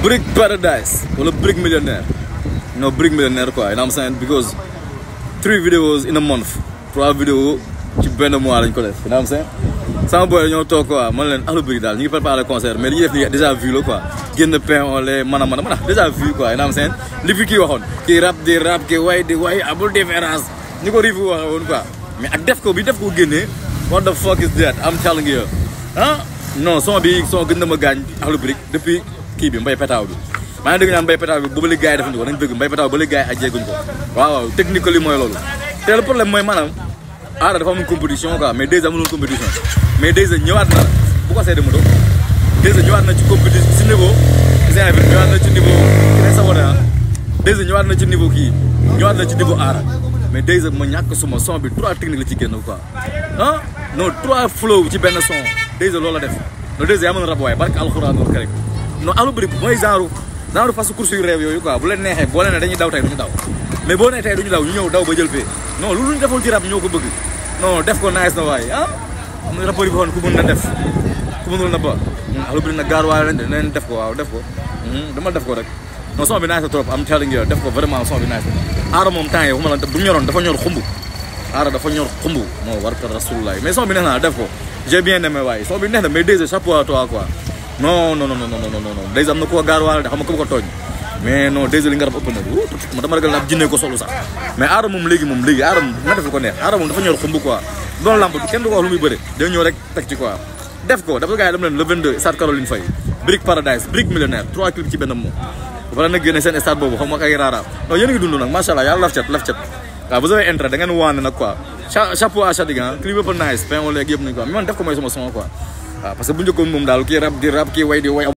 brick paradise wala brick millionaire you know brick millionaire quoi you know because three videos in a month trois vidéos ci benn mois lañ ko def you know what I'm saying sama boy ñoo toog quoi man leen Akhlou Brick daal ñu ngi concert mais li ñuy def nii déjà vu la quoi génn pain au lait man a man a man a déjà vu quoi you know what I'm saying li fi kii waxoon kii rap di rap kii way di way amul différence ñu ko riifu waxee woon quoi mais ak def ko bi def ko génnee what de fuck is that I'm telling you ah non son bi son ma gaañ Akhlou Brick depuis kii bi mbay pétaaw bi maa ngi dégg naan mbay pétaaw bi ba léegi gars yi defuñu ko nañ dëgg mbay pétaaw ba léegi gars yi ajjeeguñ ko waaw waaw li mooy loolu te le problème mooy maanaam aada dafa amul compétition quoi mais Dèjà amul compétition mais Dèjà ñëwaat na bu ko seede mu doon Dèjà ñëwaat na ci compétition si niveau Saint ñëwaat na ci niveau Kine Sabodé ah Dèjà ñëwaat na kii ñëwaat na ci niveau aada mais Dèjà ma ñàkk suma son bi trois techniques la ci génn quoi ah non trois flow ci benn son Dèjà loolu la def loolu Dèjà yaa mën a rab waaye non allo bëri mooy genre genre fasu course yu réew yooyu quoi bu leen neexee boo leen ne daw tey duñu daw mais boo nee tey daw ñu ñëw daw lu ñu deful ci rab ñoo ko bëgg non def na waaye ah am na rapport yi boo xam hmm, def ko waaw def ko hmm, dama def ko rek non son na trop am telling you def ko vraiment son bi nice na moom temps yi la du ñoroon dafa ñor xumb aara dafa ñor xumb moo war ko rasulullah mais son neex na def ko j'ai bien aimé waaye son bi neex na mais déjà chapeau non non non non non non déjà am na koo gaarwaale de xam nga ko ma ko tooñ mais non déjà li nga rab ëpp na ma dama ragal naa jinnee ko solu sax mais aara moom léegi moom léegi aara moom nga def lu ko neex aara moom dafa ñor xumb quoi doon lamb kenn du ko wax lu muy bëre day ñëw rek teg ci quoi def ko dafa gars yi dama leen le 22 stade Caroline Faye Brick Paradise Brick millionnaire trois clips ci benn moom wala nag génne seen stade boobu xam nga ay raaraam non yéen a ngi dund nag macha allah yàlla laf cat laf cat waaw vous avez intérêt da ngeen waane nag quoi chapeau à Chadigan ah. clip yëpp nice pain au lait yëpp nañ quoi mais man def ko mooy sama son quoi Ah, pasal bunyok kau mendalu kira dirap kira way di way